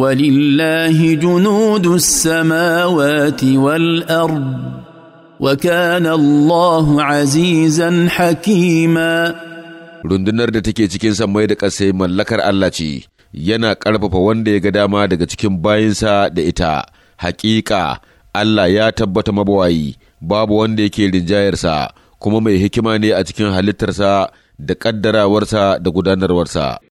ولله جنود السماوات والارض وكان الله عزيزا حكيما rundunar da take cikin samai da ƙasai mallakar Allah ce yana ƙarfafa wanda ya ga dama daga cikin bayinsa da ita Haƙiƙa Allah ya tabbata mabawayi babu wanda yake rinjayarsa kuma mai hikima ne a cikin halittarsa da ƙaddarawarsa da gudanarwarsa